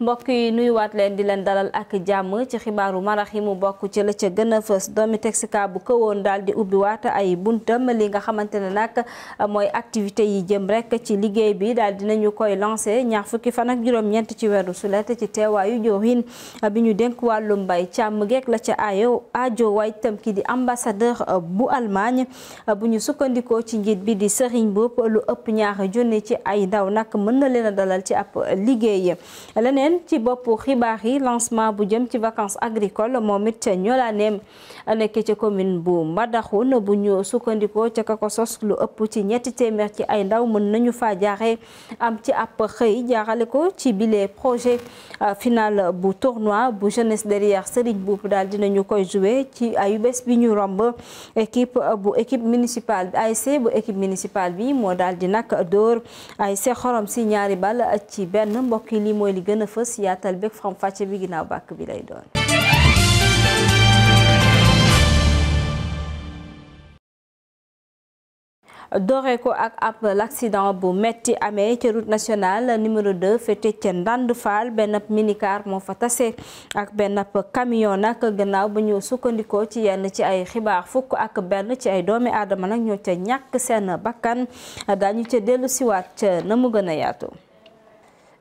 mbokk yi nuyuwaat leen di leen dalal ak jàmm ci xibaaru marax yi mu bokk ci la ca gën a fës doomi Texca bu këwoon dal di ubbiwaat ay buntam li nga xamante ne nag mooy activité yi jëm rek ci liggéey bi daal dinañu koy lancé ñaar fukki fan ak juróom-ñeent ci weeru sulet ci teewaayu jooxin bi ñu dénk wàllum mbay càmm geek la ca aayo aajo waay tam di ambassadeur bu Allemagne bu ñu sukkandikoo ci njiit bi di Serigne Boub lu ëpp ñaar junni ci ay nag mën na leen a dalal ci ab liggéey leneen même ci boppu xibaar yi lancement bu jëm ci vacances agricoles momit ci ñola ñolaaneem nek ci commune bu ne bu ñu sukkandikoo ca kako sos lu upp ci ñetti témer ci ay ndaw mën nañu fa jaxé am ci app xey jaarale ko ci bile projet euh, final bu tournoi bu jeunesse derrière Serigne Boubou dal dinañu koy jouer ci ayu bés bi ñu romb équipe bu équipe municipale ASC bu équipe municipale bi mo dal di nak dóor ASC xorom si ñaari bal ci ben mbokk li moy li gën fës yaatal bi ginnaaw bàkk bi lay doon. ko ak ab l'accident bu metti amee ci route nationale numéro 2 ca Ndande benn minicar moo fa ak benn camion nag gannaaw ba ñu sukkandikoo ci yenn ci ay xibaar fukk ak benn ci ay doomi aadama nag ñoo ca ñàkk seen bakkan dañu ca dellu siwaat ca na mu gën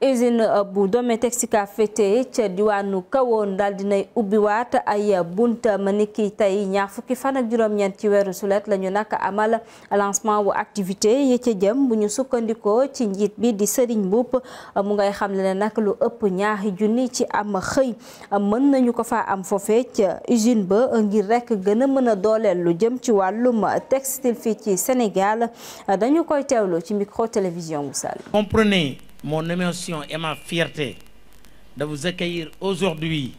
usine euh, bu Dometex ka féetee ca diwaanu kawoon daal dinay ubbiwaat ma buntam niki tey ñaar fukki fan ak juróom-ñeent ci weeru sulet lañu ñu nag amal lancement wu activité yi ca jëm bu ñu sukkandikoo ci njiit bi di Serigne Mboup euh, mu ngay xam ne nag lu ëpp ñaari junni ci am xëy euh, mën nañu ko fa am foofee ca usine ba ngir rek gën a mën a dooleel lu jëm ci wàllum textile fii ci Sénégal dañu koy teewlu ci micro télévision wu Sall. comprenez mon émotion et ma fierté de vous accueillir aujourd'hui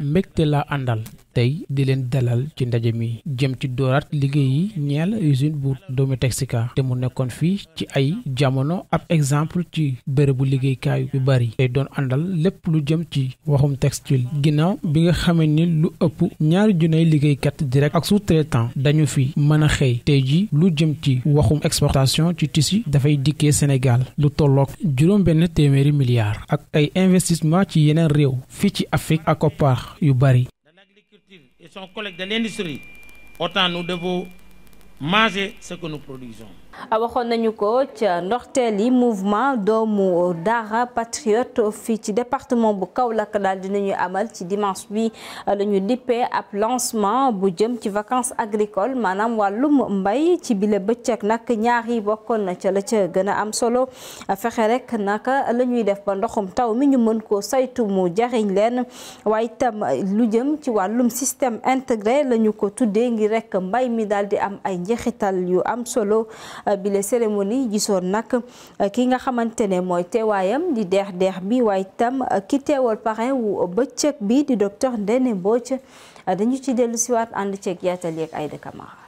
mbégte la àndal tey di leen dalal ci ndaje mi jëm ci dooraat liggéey yi ñeel usine bu doomi Texika te mu nekkoon fii ci ay jamono ab exemple ci bërëbu liggéeykaay yu bari tey doon àndal lépp lu jëm ci waxum textile ginnaaw bi nga xamee ni lu ëpp ñaari junay liggéeykat direct ak sous-traitant dañu fi mën a xëy tey ji lu jëm ci waxum exportation ci tissu dafay dikkee Sénégal lu tolloog juróom benn téeméeri milliards ak ay investissement ci yeneen réew koppaax yu bari. et son collègue de l'industrie, autant nous devons manger ce que nous produisons waxoon nañu ko ci mouvement doomu dara patriote fi ci département bu Kaolack daal dinañu amal ci dimanche bi euh, le ñu ap lancement bu jëm ci vacances agricoles manam Walum mbay ci bile nakenyari, nak ñaari bokon na ci la ci gëna am solo rek naka la def ba ndoxum taw mi ñu mën ko saytu mu jariñ way tam lu jëm ci système intégré le ko tuddé ngir rek mbay mi daldi am ay njeexital yu am solo. bile cérémonie gisoon nag ki nga xamante ne mooy teewaayam di deex deex bi waaye itam ki teewal parrain ba bëccëg bi di docteur Ndene Mbodj dañu ci dellu siwaat ànd ceeg yaatal yeeg ay dëkkamaara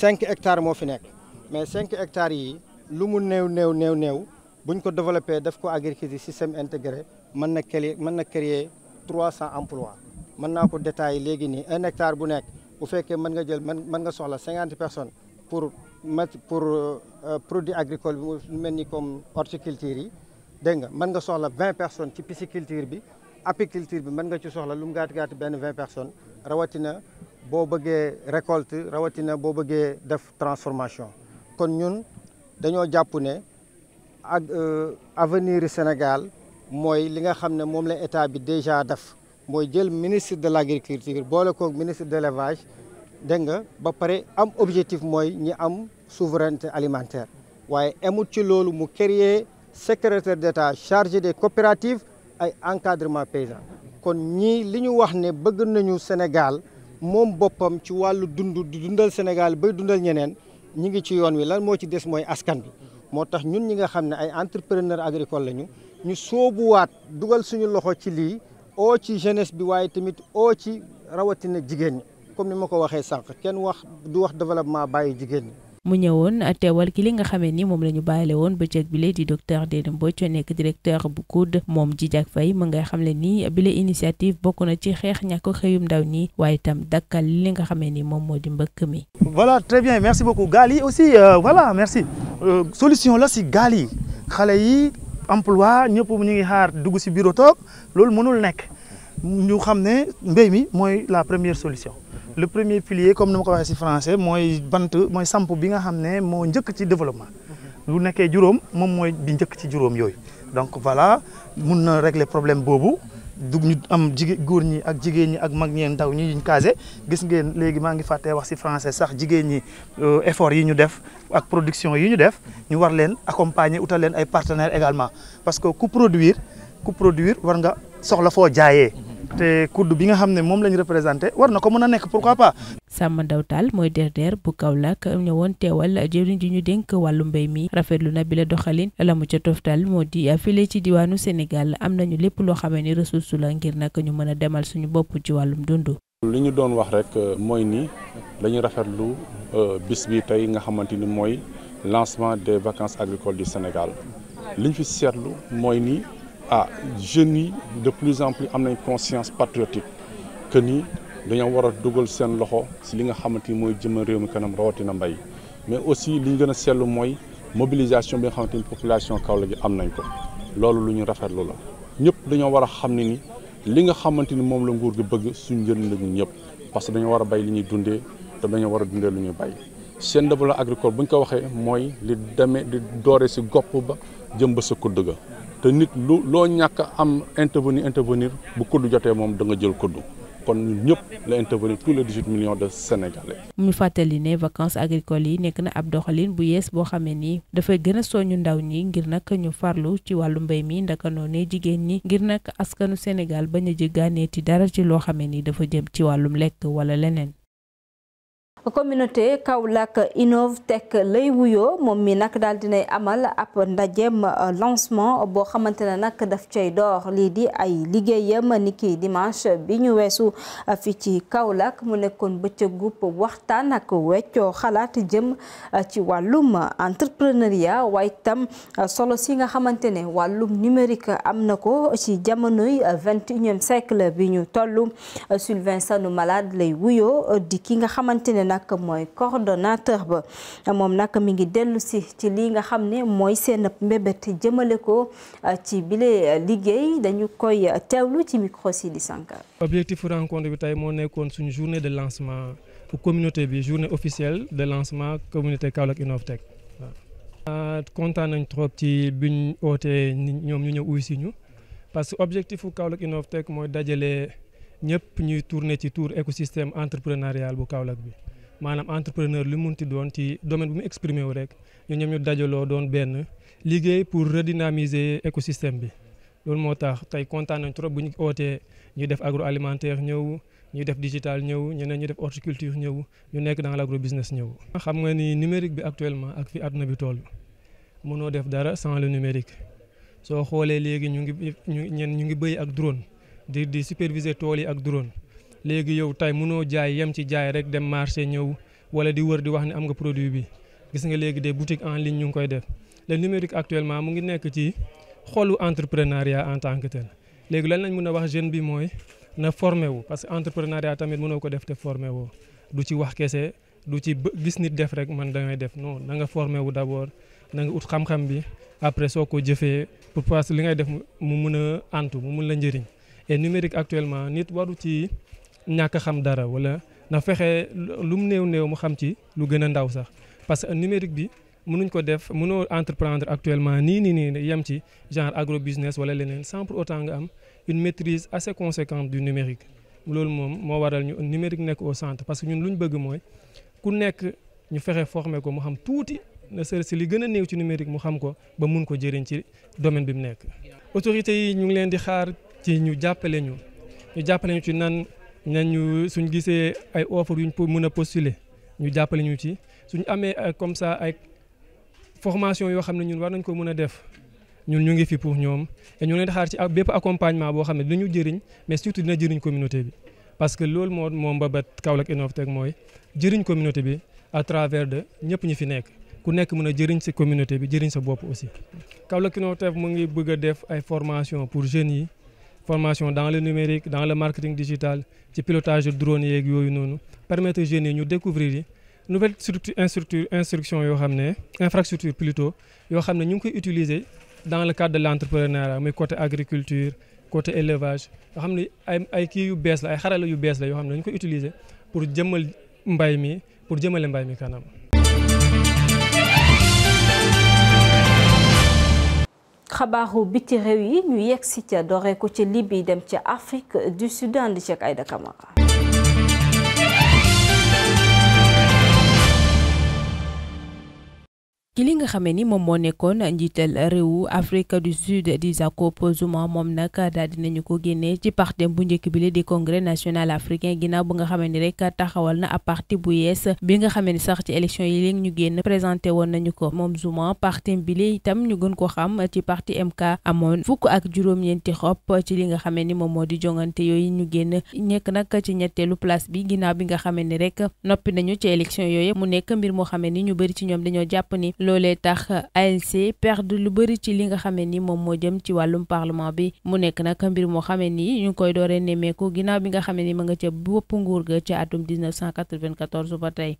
5 hectares moo fi nekk mais 5 hectares yi lu mu new new new new buñ ko développer daf ko agriculture système intégré man na créer man na créer 300 emplois man na ko détail légui ni 1 hectare bu nek bu fekkee man nga jël man mën nga soxla 50 personnes pour mettre pour produit agricole bi mu comme horticulture yi deng nga man nga soxla 20 personnes ci pisciculture bi apiculture bi man nga ci soxla lu mu gàtt gàtt benn vingt personnes rawatina. boo bëggee récolte rawatina boo bëggee def transformation kon ñun dañoo jàpp ne ak euh, avenir Sénégal mooy li nga xam ne moom la état bi déjà def mooy jël ministre de l'agriculture boole ko ministre de l'élevage dégg nga ba pare am objectif mooy ñi am souveraineté alimentaire waaye amut ci loolu mu créer secrétaire d'État chargé des coopératives ay encadrement paysan kon ñii li ñu wax ne bëgg nañu Sénégal moom boppam ci wàllu dund dundal Sénégal bay dundal ñeneen ñi ngi ci yoon wi lan moo ci des mooy askan bi moo tax ñun ñi nga xam ne ay entrepreneur agricole lañu ñu soobu waat dugal suñu loxo ci lii oo ci jeunesse bi waaye tamit oo ci rawatina jigéen ñi comme ni ma ko waxee sànq kenn wax du wax développement bàyyi jigéen ñi mu ñewoon teewal ki li nga xamee ni moom la ñu bàyyile woon bëccëg bile di docteur Dédé Mbodj nekk directeur bu mom moom Djidjack Fay mu ngay xamle ni bile initiative bokk na ci xeex ñàkk xeyum ndaw ni waaye itam dakkal li nga xamee ni moom moo di mbëkk mi. voilà très bien merci beaucoup gaal yi aussi euh, voilà merci euh, solution la si gaal yi xale yi emploi ñëpp ñu ngi xaar dugg si bureau toog loolu mënul nekk ñu xam ne mbéy mi mooy la première solution. le premier pilier comme nous ma ko waxee français mooy bant mooy samp bi nga xam ne moo ci développement lu nekkee juróom moom mooy bi njëkk ci juróom yooyu donc voilà mun na régler problème boobu dug ñu am jigéen góor ñi ak jigéen ñi ak mag ñeen ndaw ñi ñu casé gis ngeen léegi maa ngi fàttee wax ci français sax jigéen ñi euh, effort yi ñu def ak production yi ñu def ñu war leen accompagner utal leen ay partenaires également parce que ku produire ku produire war nga soxla foo jaayee te kudd bi nga xam ne moom la représenté war na ko mën a nekk pourquoi pas. Samba Ndao Tall mooy DRDR bu Kaolack ñëwoon teewal jëriñ ji ñu dénk wàllu mbay mi rafetlu na bi la doxalin la mu ca toftal moo di file ci diwaanu Sénégal am nañu lépp loo xamee ni ressource la ngir nag ñu mën a demal suñu bopp ci wàllum dund. lu ñu doon wax rek euh, mooy ni dañu rafetlu euh, bis bi tey nga xamante ni mooy lancement des vacances agricoles du Sénégal liñ ah jeunes de plus en plus am nañ conscience patriotique que ni dañoo wara a dugal seen loxo si li nga xamante ni mooy jëma réew mi kanam rawatina mbay mais aussi li ñu gën a seetlu mooy mobilisation bi nga xamante ni population Kaolack gi am nañ ko loolu lu ñu rafetlu la ñëpp dañoo war a xam ne ni li nga xamante ni moom la nguur gi bëgg suñ njëriñ la ñu ñëpp parce que dañoo war a bay li ñuy dundee te dañoo war a dundee lu ñuy bay seen développement agricole bu ñu ko waxee mooy li demee di doore si gopp ba jëm ba sa kudd ga te nit lu loo ñàkk am intervenir intervenir bu kuddu jotee moom da nga jël kuddu kon ñun ñëpp la intervenir tous les 18 millions de sénégalais. mu fàttali ne vacance agricoles yi nekk na ab doxalin bu yees boo xamee nii dafay gën a soññu ndaw ñi ngir nag ñu farlu ci wàllu mbéy mi ndaka ne jigéen ñi ngir nag askanu Sénégal bañ a jëggaaneeti dara ci loo xamee nii dafa jëm ci wàllum lekk wala leneen. communauté Kaolack Innov Tech lay wuyoo moom mii nag daal dinay amal ab ndajeem euh, lancement boo xamante ne nag daf cay door lii di ay liggéeyam ni ki dimanche bi ñu weesu euh, fii ci Kaolack mu nekkoon bëccëgub waxtaan ak weccoo xalaat jëm euh, ci wàllum entrepreneuriat waaye tam solo si nga xamante ne wàllum numérique am na ko ci jamonoy vingt et unième bi ñu tollu Sylvain Sanu Malade lay wuyoo di ki nga xamante ne nag moy coordonnateur ba mom nak mi ngi delu si ci li nga xam moy sen mbébet jëmele ko euh, ci bile liggéey dañu koy teewlu ci micro si di Sankar. objectif rencontre bi tay mo nekkoon suñu journée de lancement pour communauté bi journée officielle de lancement communauté Kaolack Innovtech waaw. Euh, kontaan nañ trop ci biñ oté ñom ñu ñëw uy si ñu parce que objectif bu Kaolack Innovtech moy dajalé ñëpp ñuy tourner ci tour écosystème entrepreneurial bu Kaolack bi. manam entrepreneur lu munti don ci domaine bu mu exprimer wu rek ñu ñam ñu dajalo don ben liguey pour redynamiser écosystème bi lool motax tay contane ñu nañ trop bu ñu ootee ñuy def agroalimentaire ñew ñu def digital ñew ñeneen ñu def horticulture ñew ñu nekk dans l'agro business ñew xam nga ni numérique bi actuellement ak fi aduna bi toll mëno def dara sans le numérique so xolé légui ñu ngi ñu ñu ngi bëy ak drone di di superviser toli ak drone. léegi yow tey mënoo jaay yem ci jaay rek dem marché ñëw wala di wër di wax ne am nga produit bi gis nga léegi de boutiques en ligne ñu ngi koy def le numérique actuellement mu ngi nekk ci xolu entrepreneuriat en tant que tel léegi lan nañ mën a wax jeune bi mooy na formé wu parce que entrepreneuriat tamit mënoo ko def te formé du ci wax kese du ci gis nit def rek man dangay def non na nga formé wu d'abord na nga ut xam-xam bi après soo ko jëfee pour li ngay def mu mun a antu mu mun la njëriñ actuellement nit waru ci ñàkk a xam dara wala na fexe lu mu néew néew mu xam ci lu gën a ndaw sax parce que numérique bi mënuñ ko def mënoo entreprendre actuellement nii nii nii yem ci genre agro business wala leneen sans pour autant nga am une maîtrise assez conséquente du numérique loolu moom moo waral ñu numérique nekk au centre parce que ñun luñ bëgg mooy ku nekk ñu fexe former ko mu xam tuuti ne serait si li gën a néew ci numérique mu xam ko ba mun ko jëriñ ci domaine bi mu nekk. autorités yi ñu ngi leen di xaar ci ñu jàppale ñu ñu jàppale ñu ci nan. nañu suñ gisee ay offre yuñ pour mën a postuler ñu jàppale ñu ci suñ amee euh, comme ça ay formation yoo xam ne ñun war nañ ko mën a def ñun ñu ngi fi pour ñoom et ñu leen di xaar ci bépp accompagnement boo xam ne dinañu jëriñ mais surtout dina jëriñ communauté bi parce que loolu moo moom mbabat Kaolack Innovatech mooy jëriñ communauté bi à travers de ñëpp ñi fi nekk ku nekk mën a jëriñ si communauté bi jëriñ sa bopp aussi Kaolack Innovatech mu ngi bëgg a def ay formation pour jeunes yi formation dans le numérique dans le marketing digital le pilotage de drones, nous noonu permettre jeunes de découvrir nouvelle structure instructure instruction plutôt nous pouvons utiliser dans le cadre de l'entrepreneuriat, mais côté agriculture côté élevage Nous pouvons ay utiliser pour jëmal mbay mi pour xabaaru biti réew yi ñu yegg si ca dooree ko ca Libye dem ca Afrique du Sud ànd ceeg Aïda Camara ci li nga xamee ni moom moo nekkoon njiital réew Afrique du Sud di Jacob Zuma moom nag daal dinañu ko génnee ci parti bu njëkk bi la di congrès national africain ginnaaw bu nga xamee ni rek taxawal na ab parti bu yees bi nga xamee ni sax ci élection yi léegi ñu génn présenté woon nañu ko moom Zuma parti bi itam ñu gën ko xam ci parti MK amoon fukk ak juróom-ñeenti xob ci li nga xamee ni moom moo di jongante yooyu ñu génn ñëkk nag ci ñetteelu place bi ginnaaw bi nga xamee rek noppi nañu ci yooyu mu nekk mbir moo xamee ni ñu bëri ci ñoom dañoo jàpp ni loolee tax ANC perdre lu bëri ci li nga xamee ni moom moo jëm ci wàllum parlement bi mu nekk nag mbir moo xamee ni ñu ngi koy dooree nemmeeku ginnaaw bi nga xamee ni ma nga ca bopp nguur ga ci atum 1994 ba tey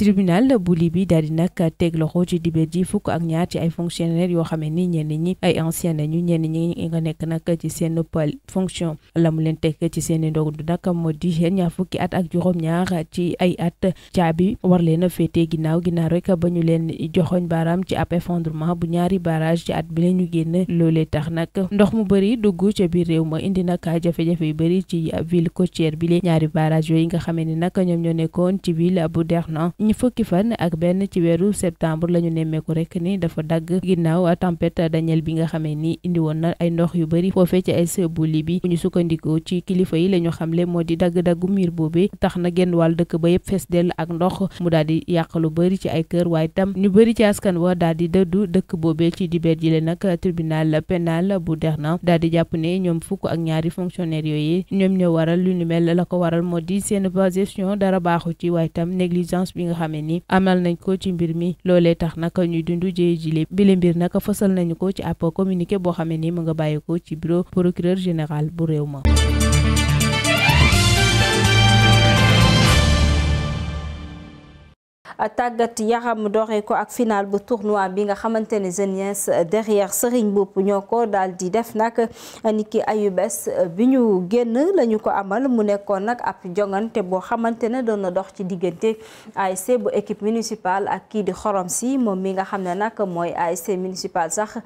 tribunal bu Libye daal di nag teg loxo ci dibéer ji fukk ak ñaar ci ay fonctionnaires yoo xam ne ni ñenn ñi ay anciens nañu ñenn ñi nga nekk nag ci seen fonction la mu leen teg ci seen ndog du nag moo di ñaar fukki at ak juróom-ñaar ci ay at caabi war leen a féetee ginnaaw ginnaaw rek ba ñu leen joxoñ baaraam ci ab effondrement bu ñaari barrage ci at bi la ñu génn loolee tax nag ndox mu bëri dugg ca biir réew ma indi nag jafe-jafe yu bëri ci ville côtière bi la ñaari barrage yooyu nga xam ne nag ñoom nekkoon ci ville bu Derna ñu fukki fan ak benn ci weeru septembre la ñu nemmeeku rek ni dafa dagg ginnaaw tempête Daniel bi nga xamee ni indi woon na ay ndox yu bëri foofee ci est bu Libi bu ñu sukkandikoo ci kilifa yi la ñu xamle moo di dagg-daggu miir boobee tax na genn wàll dëkk ba yëpp fees dell ak ndox mu daal di yàq lu bëri ci ay kër waay tam ñu bëri ci askan wa daal di dëddu dëkk boobee ci dibeer ji le nag tribunal pénal bu Berlin daal di jàpp ne ñoom fukk ak ñaari fonctionnaire yooyu mel la ko waral moo di seen xamee ni amal nañ ko ci mbir mi loolee tax naka ñuy dundu jëye jile bile mbir naka fësal nañu ko ci ab communiqué boo xamee ni mu nga bàyyi ko ci bureau procureur général bu réew ma tagat yaram doxé ko ak final bu tournoi bi nga xamanteni jeunes derrière Serigne bop ñoko dal di def nak niki ayubés bi ñu la ko amal mu nekkon nak ap jongante bo xamanteni do na dox ci digënté ASC bu équipe municipale ak ki di xorom si mom mi nga xamné nak moy mooy municipal sax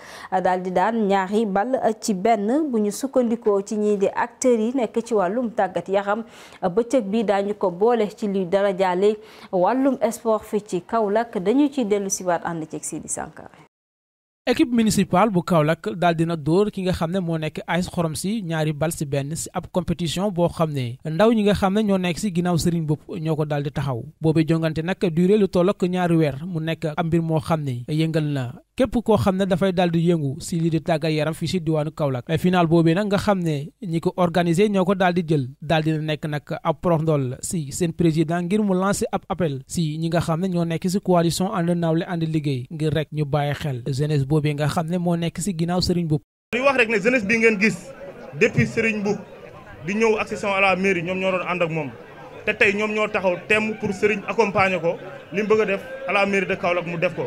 dal di daan ñaari bal ci benn bu ñu sukkandikoo ci ñi di acteur yi nek ci walum tagat yaram beccëk bi dañu ko bolé ci li dara jalé walum sport fi ci Kaolack dañu ciy dellu siwaat ànd ceeg Sidi Sankara équipe municipale bu Kaolack daal na dóor ki nga xam ne moo nekk AS Xorom si ñaari bal si benn si ab compétition boo xam ne ndaw ñi nga xam ne ñoo nekk si ginnaaw sëriñ bopp ñoo ko daal di taxaw boobu jongante nag durée lu toll ak ñaari weer mu nekk ab mbir moo xam ne yëngal na képp koo xam ne dafay daal di yëngu si lii di tàggat yaram fii si diwaanu Kaolack final boobee nag nga xam ne ñi ko organisé ñoo ko daal di jël daal di nekk nag ab proxndol si seen président ngir mu lancer ab appel si ñi nga xam ne ñoo nekk si coalition ànd nawle ànd liggéey ngir rek ñu bàyyi xel jeunesse boobee nga xam ne moo nekk si ginnaaw Serigne Mboup. li wax rek ne jeunesse bi ngeen gis depuis Serigne Mboup di ñëw accession à la mairie ñoom ñoo ànd ak moom te tey ñoom ñoo taxaw temm pour Serigne accompagner ko bëgg def à la de Kaolack mu def ko.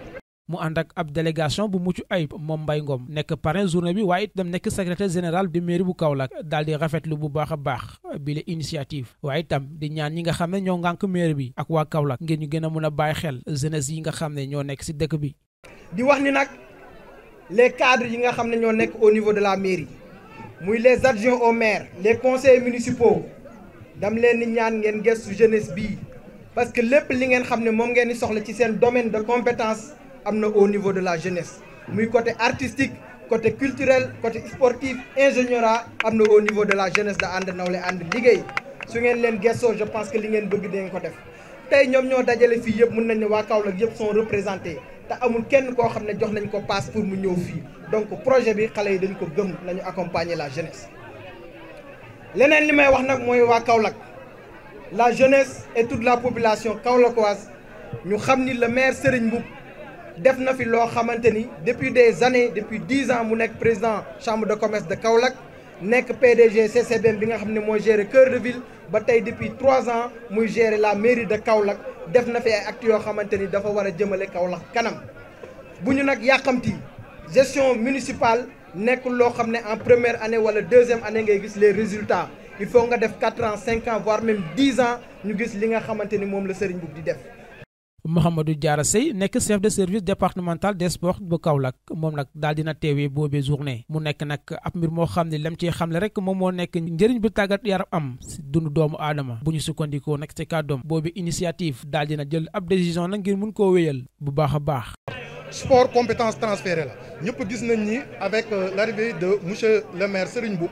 mu ànd ak ab délégation bu mucc ayib moom Mbaye Ngom nekk parrain journée bi waaye itam nekk secrétaire général du mairie bu Kaolack daal di rafetlu bu baax a baax bi la initiative waaye itam di ñaan ñi nga xam ne ñoo ngànk mairie bi ak waa Kaolack ngir ñu gën a mun a bàyyi xel jeunesse yi nga xam ne ñoo nekk si dëkk bi. di wax ni nag les cadres yi nga xam ne ñoo nekk au niveau de la mairie muy les adjoints au maire les conseillers municipaux dam leen ñaan ngeen gëstu jeunesse bii parce que lépp li ngeen xam ne moom ngeen di soxla ci seen domaine de compétence amna au niveau de la jeunesse muy côté artistique côté culturel côté sportif ingénieur amna au niveau de la jeunesse da ànd nawle ligue liggéey su ngeen je pense que li ngeen bëgg dinañ ko def tay ñom ñoo dajalé fi yëpp mën nañ yëpp sont représentés ta amul kenn ko xamné jox nañ ko passe pour mu ñëw fi donc projet bi xalé yi dañ ko gëm lañu accompagner la jeunesse lenen limay wax nak moy wa la jeunesse et toute la population kaolackoise ñu xamni le maire Serigne mbou def na fi loo xamante ni depuis des années depuis dix ans mu nekk président chambre de commerce de Kaolack nekk PDG CCBM bi nga xam ne mooy gérer cœur de ville ba tey depuis trois ans muy gérer la mairie de Kaolack def na fi ay actes yoo xamante ni dafa war a jëmale Kaolack kanam bu ñu nag yàqamti gestion municipale nekkul loo xam ne en première année wala deuxième année ngay gis les résultats il faut nga def 4 ans 5 ans voire même 10 ans ñu gis li nga xamante ni moom la Serigne Mboup di def Mouhamadou Diarra Sey, nekk chef de service départemental des sports bu Kaolack moom nag daal dina teewee boobee journée mu nekk nag ab mbir moo xam ne lam ci xamle rek moom moo nekk njëriñ bu tàggat yaram am si dundu doomu aadama bu ñu sukkandikoo nag ci kàddoom boobee initiative daal dina jël ab décision nag ngir mun koo wéyal bu baax a baax. sport compétence transféré la ñëpp gis nañ ni avec euh, l'arrivée de monsieur le maire Serigne Mboup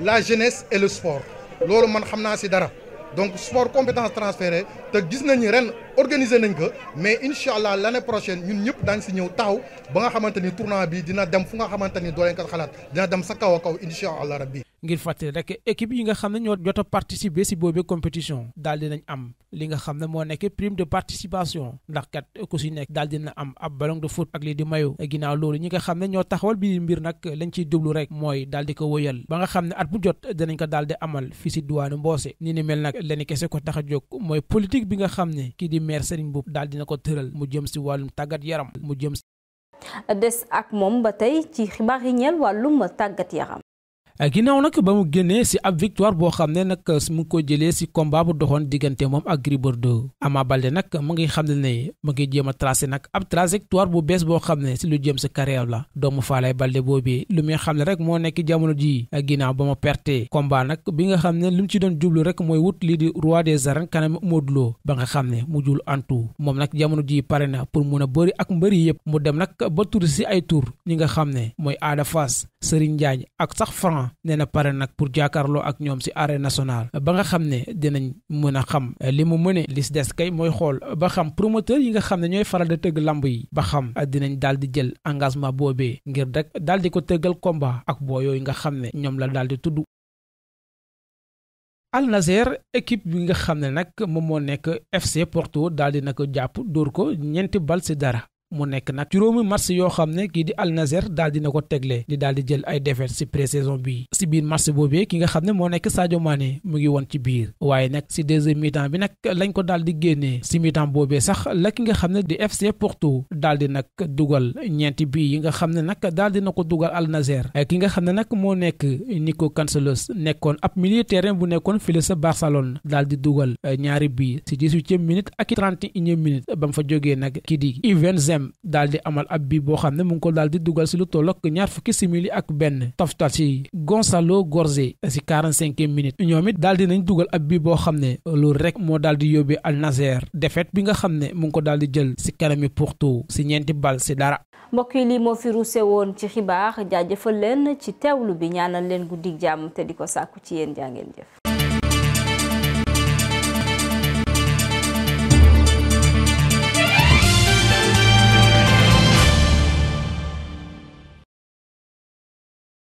la jeunesse et le sport loolu man que naa dara donc sport compétence transférée te gis organisé nañ mais inshallah l'année prochaine ñun ñëpp dañ ci ñëw taw ba nga xamanteni ni tournoi bi dina dem fu nga xamanteni do doo leen ko xalaat dina dem sa kaw kaw inshallah rabbi ngir fàttali rek équipe yi nga xam ñoo jot participer ci boobee compétition dal dinañ am li nga xam mo nekk prime de participation ndax kat ko si nekk dal dina am ab ballon de foot ak li di mayo ginaaw loolu ñi nga xam ñoo taxawal bi mbir nak lañ ci dublu rek moy dal di ko woyal ba nga xam at bu jot danañ ko daal di amal fii si diwaanu Mboose ni ni mel nak leen kessé ko tax moy politique bi nga xam ki di maire Serigne Mboup daal dina ko tëral mu jëm si wàllum tàggat yaram mu jëm des ak moom ba tey ci xibaar yi ñeel wàllum tàggat yaram ay euh, ginnaaw nag ba mu génnee si ab victoire boo xam ne nag euh, mu ngi ko jëlee si combat bu doxoon diggante moom ak Gris Bordeaux Ama Baldé nag mu ngi xam ne ne mu ngi jéem a tracé nag ab trajectoire bu bees boo xam ne si lu jëm sa carrière la doomu Falaye Baldé boobu lu muy xam ne rek moo nekk jamono jii euh, ginnaaw ba mu perte combat nag bi nga xam ne li mu ci doon jublu rek mooy wut lii di roi des arènes kanam Modou Lo ba nga xam ne mu jul antu moom nag jamono jii pare na pour mun a bëri ak mbëri yëpp mu dem nag ba tur si ay tur ñi nga xam ne mooy Ada Fass Serigne Ndiagne ak sax Franc franc nee na pare nag pour jàkkaarloo ak ñoom si arène nationale ba nga xam ne dinañ mën a xam li mu mëne li si des kay mooy xool ba xam promoteur yi nga xam ne ñooy faral da tëgg lamb yi ba xam dinañ daal di jël engagement boobee ngir rek daal di ko tëggal combat ak boo yooyu nga xam ne ñoom la daal di tudd Al Nassr équipe bi nga xam ne nag moom moo nekk FC daal di na ko jàpp dóor ko ñeenti bal si dara mu nekk nag juróomi match yoo xam ne kii di Al Nassr daal dina ko tegle di daal di jël ay défaite si pré-saison bi si biir match boobee ki nga xam ne moo nekk Sadio Mané mu ngi woon ci biir waaye nag si deuxième mi-temps bi nag lañ ko daal di génnee si mi boobee sax la ki nga xam ne di FC Porto daal di nag dugal ñeenti bi yi nga xam ne nag daal na ko dugal Al Nassr ki nga xam ne nag moo nekk Nico Cancelos nekkoon ab milieu bu nekkoon file sa Barcelone daal di dugal eh, ñaari bii si dix-huitième minute ak trente et unième fa jógee nag IPM daal di amal ab bii boo xam ne mu ngi ko daal di dugal si lu toll ak ñaar fukki simili ak benn toftal si Gonzalo Gorze si 45e minute ñoom it daal di nañ dugal ab bi boo xam ne loolu rek moo daal di yóbbee Al Nassr défaite bi nga xam ne mu ngi ko daal di jël si kanami Porto si ñeenti bal si dara. mbokk yi moo fi ruuse woon ci xibaar jaajëfal leen ci teewlu bi ñaanal leen guddi jàmm te ko sàkku ci yéen jaa